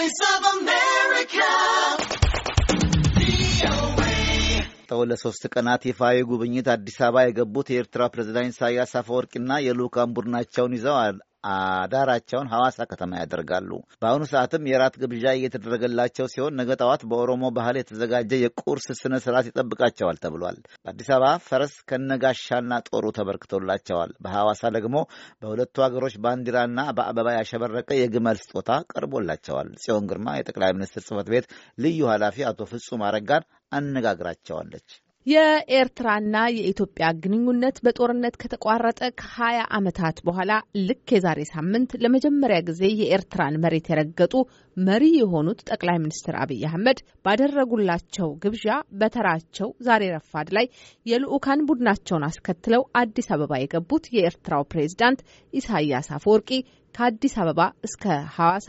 Voice of America. ተው ለሶስት ቀናት ይፋዊ ጉብኝት አዲስ አበባ የገቡት የኤርትራ ፕሬዝዳንት ኢሳያስ አፈወርቂና የልዑካን ቡድናቸውን ይዘዋል። አዳራቸውን ሐዋሳ ከተማ ያደርጋሉ። በአሁኑ ሰዓትም የራት ግብዣ እየተደረገላቸው ሲሆን ነገ ጠዋት በኦሮሞ ባህል የተዘጋጀ የቁርስ ስነ ስርዓት ይጠብቃቸዋል ተብሏል። በአዲስ አበባ ፈረስ ከነጋሻና ጦሩ ተበርክቶላቸዋል። በሐዋሳ ደግሞ በሁለቱ ሀገሮች ባንዲራና በአበባ ያሸበረቀ የግመል ስጦታ ቀርቦላቸዋል። ጽዮን ግርማ የጠቅላይ ሚኒስትር ጽህፈት ቤት ልዩ ኃላፊ አቶ ፍጹም አረጋን አነጋግራቸዋለች። የኤርትራና የኢትዮጵያ ግንኙነት በጦርነት ከተቋረጠ ከሀያ ዓመታት በኋላ ልክ የዛሬ ሳምንት ለመጀመሪያ ጊዜ የኤርትራን መሬት የረገጡ መሪ የሆኑት ጠቅላይ ሚኒስትር አብይ አህመድ ባደረጉላቸው ግብዣ በተራቸው ዛሬ ረፋድ ላይ የልዑካን ቡድናቸውን አስከትለው አዲስ አበባ የገቡት የኤርትራው ፕሬዝዳንት ኢሳያስ አፈወርቂ ከአዲስ አበባ እስከ ሐዋሳ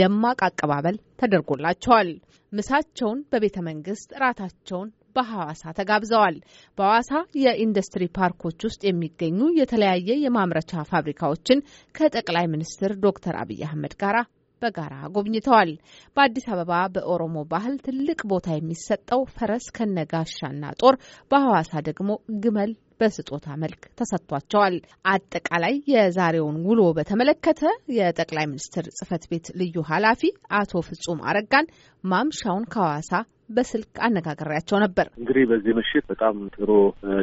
ደማቅ አቀባበል ተደርጎላቸዋል። ምሳቸውን በቤተ መንግስት፣ እራታቸውን በሐዋሳ ተጋብዘዋል። በሐዋሳ የኢንዱስትሪ ፓርኮች ውስጥ የሚገኙ የተለያየ የማምረቻ ፋብሪካዎችን ከጠቅላይ ሚኒስትር ዶክተር አብይ አህመድ ጋር በጋራ ጎብኝተዋል። በአዲስ አበባ በኦሮሞ ባህል ትልቅ ቦታ የሚሰጠው ፈረስ ከነጋሻና ጦር፣ በሐዋሳ ደግሞ ግመል በስጦታ መልክ ተሰጥቷቸዋል። አጠቃላይ የዛሬውን ውሎ በተመለከተ የጠቅላይ ሚኒስትር ጽህፈት ቤት ልዩ ኃላፊ አቶ ፍጹም አረጋን ማምሻውን ከሐዋሳ በስልክ አነጋገሪያቸው ነበር። እንግዲህ በዚህ ምሽት በጣም ጥሩ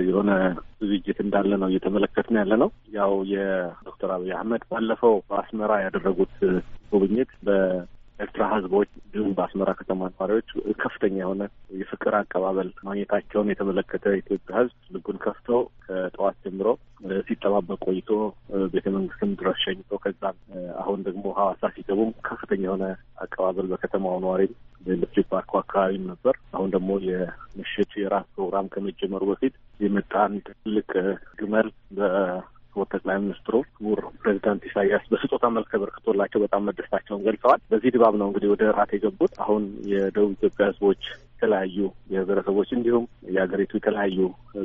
የሆነ ዝግጅት እንዳለ ነው እየተመለከትን ያለ ነው። ያው የዶክተር አብይ አህመድ ባለፈው በአስመራ ያደረጉት ጉብኝት ኤርትራ ህዝቦች እንዲሁም በአስመራ ከተማ ነዋሪዎች ከፍተኛ የሆነ የፍቅር አቀባበል ማግኘታቸውን የተመለከተ የኢትዮጵያ ህዝብ ልቡን ከፍቶ ከጠዋት ጀምሮ ሲጠባበቅ ቆይቶ ቤተ መንግስትም ድረስ ሸኝቶ ከዛም አሁን ደግሞ ሀዋሳ ሲገቡም ከፍተኛ የሆነ አቀባበል በከተማው ነዋሪም በኢንዱስትሪ ፓርኩ አካባቢም ነበር። አሁን ደግሞ የምሽት የራት ፕሮግራም ከመጀመሩ በፊት የመጣ አንድ ትልቅ ግመል ክቡር ጠቅላይ ሚኒስትሩ ክቡር ፕሬዚዳንት ኢሳያስ በስጦታ መልክ ተበርክቶላቸው በጣም መደሰታቸውን ገልጸዋል። በዚህ ድባብ ነው እንግዲህ ወደ እራት የገቡት። አሁን የደቡብ ኢትዮጵያ ህዝቦች የተለያዩ የብሔረሰቦች እንዲሁም የሀገሪቱ የተለያዩ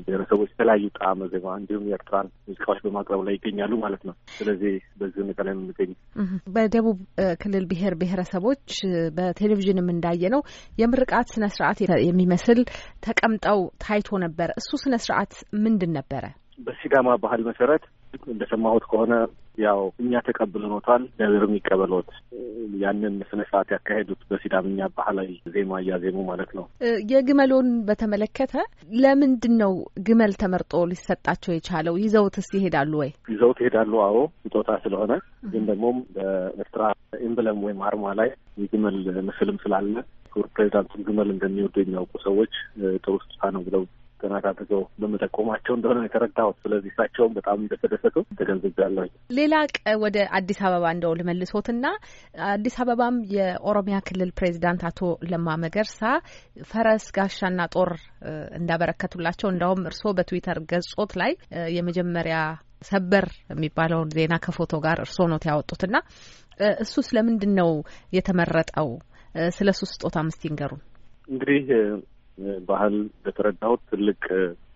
ብሔረሰቦች የተለያዩ ጣዕመ ዜማ እንዲሁም የኤርትራን ሙዚቃዎች በማቅረብ ላይ ይገኛሉ ማለት ነው። ስለዚህ በዚህ ሁኔታ ላይ የምንገኝ በደቡብ ክልል ብሔር ብሔረሰቦች በቴሌቪዥንም እንዳየ ነው የምርቃት ስነ ስርዓት የሚመስል ተቀምጠው ታይቶ ነበረ። እሱ ስነ ስርዓት ምንድን ነበረ? በሲዳማ ባህል መሰረት እንደሰማሁት ከሆነ ያው እኛ ተቀብለኖታል እግዚአብሔርም የሚቀበሎት ያንን ስነ ስርዓት ያካሄዱት በሲዳምኛ ባህላዊ ዜማ እያዜሙ ማለት ነው። የግመሎን በተመለከተ ለምንድን ነው ግመል ተመርጦ ሊሰጣቸው የቻለው? ይዘውትስ ይሄዳሉ ወይ? ይዘውት ይሄዳሉ። አዎ ስጦታ ስለሆነ። ግን ደግሞ በኤርትራ ኤምብለም ወይም አርማ ላይ የግመል ምስልም ስላለ ክቡር ፕሬዚዳንቱን ግመል እንደሚወዱ የሚያውቁ ሰዎች ጥሩ ስጦታ ነው ብለው ጥናት አድርገው በመጠቆማቸው እንደሆነ የተረዳሁት። ስለዚህ እሳቸውም በጣም እንደተደሰቱ ተገንዝቤያለሁ። ሌላ ወደ አዲስ አበባ እንደው ልመልሶትና አዲስ አበባም የኦሮሚያ ክልል ፕሬዚዳንት አቶ ለማ መገርሳ ፈረስ ጋሻና ጦር እንዳበረከቱላቸው እንዳውም እርስዎ በትዊተር ገጾት ላይ የመጀመሪያ ሰበር የሚባለውን ዜና ከፎቶ ጋር እርስዎ ኖት ያወጡትና እሱ ስለምንድን ነው የተመረጠው? ስለ እሱ ስጦታ ምስቲ ይንገሩን። እንግዲህ ባህል በተረዳሁት ትልቅ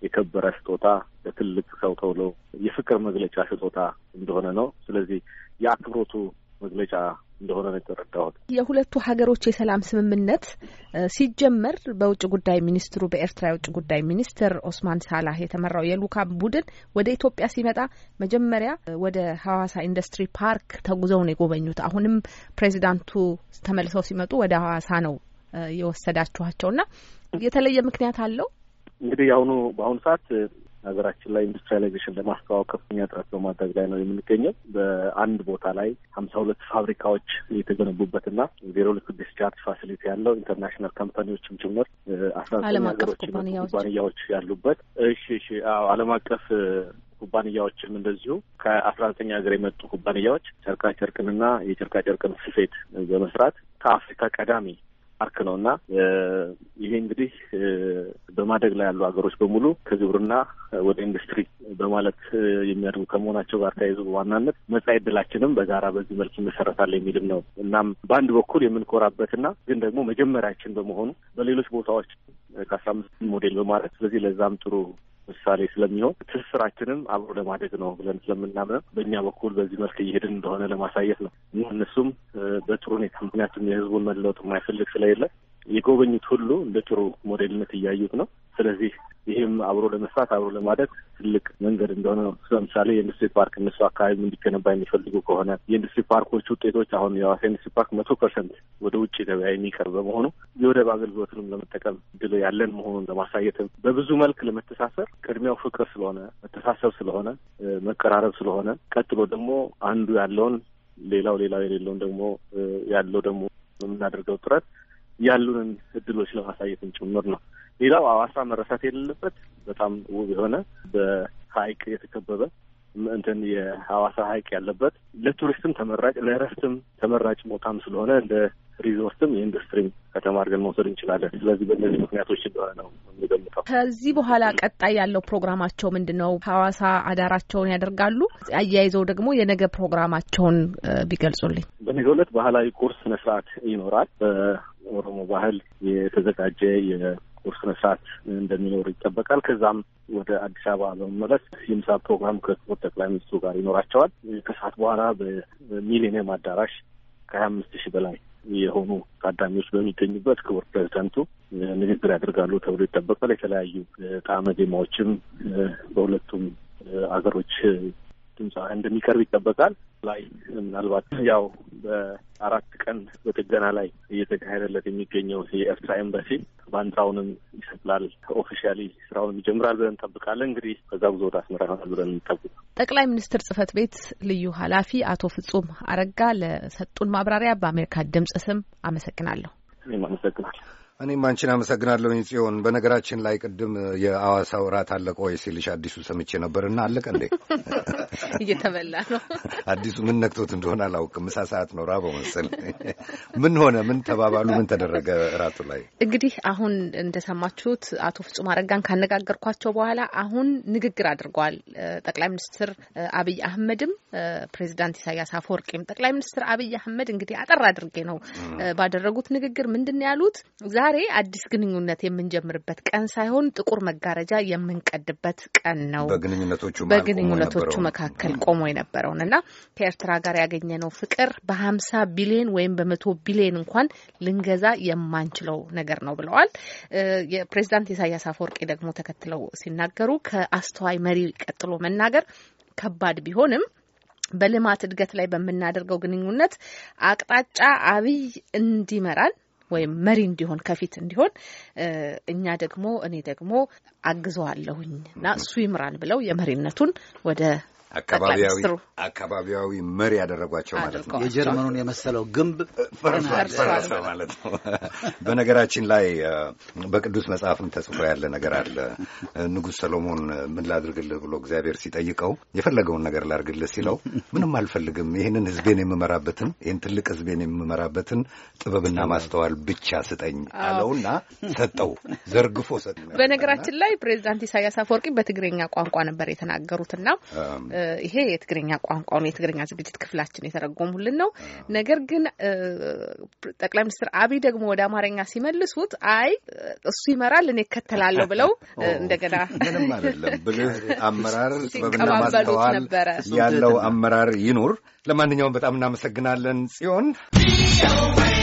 የከበረ ስጦታ ለትልቅ ሰው ተብሎ የፍቅር መግለጫ ስጦታ እንደሆነ ነው። ስለዚህ የአክብሮቱ መግለጫ እንደሆነ ነው የተረዳሁት። የሁለቱ ሀገሮች የሰላም ስምምነት ሲጀመር በውጭ ጉዳይ ሚኒስትሩ በኤርትራ የውጭ ጉዳይ ሚኒስትር ኦስማን ሳላህ የተመራው የልዑካን ቡድን ወደ ኢትዮጵያ ሲመጣ መጀመሪያ ወደ ሀዋሳ ኢንዱስትሪ ፓርክ ተጉዘው ነው የጎበኙት። አሁንም ፕሬዚዳንቱ ተመልሰው ሲመጡ ወደ ሀዋሳ ነው የወሰዳችኋቸው እና የተለየ ምክንያት አለው? እንግዲህ አሁኑ በአሁኑ ሰዓት ሀገራችን ላይ ኢንዱስትሪያላይዜሽን ለማስተዋወቅ ከፍተኛ ጥረት በማድረግ ላይ ነው የምንገኘው። በአንድ ቦታ ላይ ሀምሳ ሁለት ፋብሪካዎች የተገነቡበትና ዜሮ ልክ ዲስቻርጅ ፋሲሊቲ ያለው ኢንተርናሽናል ካምፓኒዎችም ጭምር አስራ ዘጠኝ ሀገሮች ኩባንያዎች ያሉበት እሺ፣ እሺ፣ አዎ፣ ዓለም አቀፍ ኩባንያዎችም እንደዚሁ ከአስራ ዘጠኝ ሀገር የመጡ ኩባንያዎች ጨርቃ ጨርቅንና የጨርቃ ጨርቅን ስፌት በመስራት ከአፍሪካ ቀዳሚ ፓርክ ነው እና ይሄ እንግዲህ በማደግ ላይ ያሉ ሀገሮች በሙሉ ከግብርና ወደ ኢንዱስትሪ በማለት የሚያድጉ ከመሆናቸው ጋር ተያይዞ በዋናነት መጻኢ ዕድላችንም በጋራ በዚህ መልክ ይመሰረታል የሚልም ነው። እናም በአንድ በኩል የምንኮራበትና ግን ደግሞ መጀመሪያችን በመሆኑ በሌሎች ቦታዎች ከአስራ አምስት ሞዴል በማድረግ ስለዚህ ለዛም ጥሩ ምሳሌ ስለሚሆን ትስስራችንም አብሮ ለማደግ ነው ብለን ስለምናምነው በእኛ በኩል በዚህ መልክ እየሄድን እንደሆነ ለማሳየት ነው እና እነሱም በጥሩ ሁኔታ ምክንያቱም የህዝቡን መለወጥ የማይፈልግ ስለሌለ የጎበኙት ሁሉ እንደ ጥሩ ሞዴልነት እያዩት ነው። ስለዚህ ይህም አብሮ ለመስራት አብሮ ለማደግ ትልቅ መንገድ እንደሆነ ነው። ለምሳሌ የኢንዱስትሪ ፓርክ እነሱ አካባቢ እንዲገነባ የሚፈልጉ ከሆነ የኢንዱስትሪ ፓርኮች ውጤቶች አሁን የሐዋሳ ኢንዱስትሪ ፓርክ መቶ ፐርሰንት ወደ ውጭ ገበያ የሚቀርብ በመሆኑ የወደብ አገልግሎትንም ለመጠቀም ድሎ ያለን መሆኑን ለማሳየትም በብዙ መልክ ለመተሳሰር ቅድሚያው ፍቅር ስለሆነ መተሳሰብ ስለሆነ መቀራረብ ስለሆነ ቀጥሎ ደግሞ አንዱ ያለውን ሌላው ሌላው የሌለውን ደግሞ ያለው ደግሞ የምናደርገው ጥረት ያሉንን እድሎች ለማሳየትን ጭምር ነው። ሌላው አዋሳ መረሳት የሌለበት በጣም ውብ የሆነ በሀይቅ የተከበበ እንትን የሀዋሳ ሀይቅ ያለበት ለቱሪስትም ተመራጭ ለእረፍትም ተመራጭ ቦታም ስለሆነ እንደ ሪዞርትም የኢንዱስትሪም ከተማ አድርገን መውሰድ እንችላለን። ስለዚህ በእነዚህ ምክንያቶች እንደሆነ ነው የሚገምተው። ከዚህ በኋላ ቀጣይ ያለው ፕሮግራማቸው ምንድን ነው? ሀዋሳ አዳራቸውን ያደርጋሉ። አያይዘው ደግሞ የነገ ፕሮግራማቸውን ቢገልጹልኝ። በነገ ዕለት ባህላዊ ቁርስ ስነስርዓት ይኖራል። ኦሮሞ ባህል የተዘጋጀ የቁርስ ስነ እንደሚኖር ይጠበቃል። ከዛም ወደ አዲስ አበባ በመመለስ የምሳ ፕሮግራም ከክቡር ጠቅላይ ሚኒስትሩ ጋር ይኖራቸዋል። ከሰዓት በኋላ በሚሊኒየም አዳራሽ ከሀያ አምስት ሺህ በላይ የሆኑ ታዳሚዎች በሚገኙበት ክቡር ፕሬዚደንቱ ንግግር ያደርጋሉ ተብሎ ይጠበቃል። የተለያዩ ጣዕመ ዜማዎችም በሁለቱም አገሮች ድምፃ እንደሚቀርብ ይጠበቃል። ላይ ምናልባት ያው በአራት ቀን በጥገና ላይ እየተካሄደለት የሚገኘው የኤርትራ ኤምባሲ ባንዲራውንም ይሰቅላል፣ ኦፊሻሊ ስራውንም ይጀምራል ብለን እንጠብቃለን። እንግዲህ በዛ ጉዞ ወደ አስመራ ይሆናል ብለን እንጠብቅ። ጠቅላይ ሚኒስትር ጽህፈት ቤት ልዩ ኃላፊ አቶ ፍጹም አረጋ ለሰጡን ማብራሪያ በአሜሪካ ድምጽ ስም አመሰግናለሁ። እኔም አመሰግናለሁ። እኔም አንቺን አመሰግናለሁ ጽዮን። በነገራችን ላይ ቅድም የአዋሳ እራት አለቀ ወይ ሲልሽ አዲሱ ሰምቼ ነበር እና አለቀ እንዴ? እየተበላ ነው። አዲሱ ምን ነክቶት እንደሆነ አላውቅም። ምሳ ሰዓት ነው፣ ራበው መሰል። ምን ሆነ? ምን ተባባሉ? ምን ተደረገ እራቱ ላይ? እንግዲህ አሁን እንደሰማችሁት አቶ ፍጹም አረጋን ካነጋገርኳቸው በኋላ አሁን ንግግር አድርጓል ጠቅላይ ሚኒስትር አብይ አህመድም ፕሬዚዳንት ኢሳያስ አፈወርቂም ጠቅላይ ሚኒስትር አብይ አህመድ እንግዲህ አጠር አድርጌ ነው ባደረጉት ንግግር ምንድን ያሉት ዛሬ አዲስ ግንኙነት የምንጀምርበት ቀን ሳይሆን ጥቁር መጋረጃ የምንቀድበት ቀን ነው። በግንኙነቶቹ መካከል ቆሞ የነበረውን እና ከኤርትራ ጋር ያገኘነው ፍቅር በሀምሳ ቢሊዮን ወይም በመቶ ቢሊዮን እንኳን ልንገዛ የማንችለው ነገር ነው ብለዋል። የፕሬዚዳንት ኢሳያስ አፈወርቂ ደግሞ ተከትለው ሲናገሩ ከአስተዋይ መሪ ቀጥሎ መናገር ከባድ ቢሆንም በልማት እድገት ላይ በምናደርገው ግንኙነት አቅጣጫ አብይ እንዲመራል ወይም መሪ እንዲሆን ከፊት እንዲሆን እኛ ደግሞ እኔ ደግሞ አግዘዋለሁኝ እና እሱ ይምራን ብለው የመሪነቱን ወደ አካባቢያዊ መሪ ያደረጓቸው ማለት ነው። የጀርመኑን የመሰለው ግንብ ፈርሷል ማለት ነው። በነገራችን ላይ በቅዱስ መጽሐፍም ተጽፎ ያለ ነገር አለ። ንጉሥ ሰሎሞን ምን ላድርግልህ ብሎ እግዚአብሔር ሲጠይቀው የፈለገውን ነገር ላድርግልህ ሲለው ምንም አልፈልግም፣ ይህንን ሕዝቤን የምመራበትን ይህን ትልቅ ሕዝቤን የምመራበትን ጥበብና ማስተዋል ብቻ ስጠኝ አለውና ሰጠው፣ ዘርግፎ ሰጠው። በነገራችን ላይ ፕሬዚዳንት ኢሳያስ አፈወርቂ በትግረኛ ቋንቋ ነበር የተናገሩትና ይሄ የትግርኛ ቋንቋውን የትግርኛ ዝግጅት ክፍላችን የተረጎሙልን ነው። ነገር ግን ጠቅላይ ሚኒስትር አብይ ደግሞ ወደ አማርኛ ሲመልሱት አይ እሱ ይመራል እኔ እከተላለሁ ብለው እንደገና ምንም አይደለም ብልህ አመራር በምናማስተዋል ያለው አመራር ይኑር። ለማንኛውም በጣም እናመሰግናለን ጽዮን።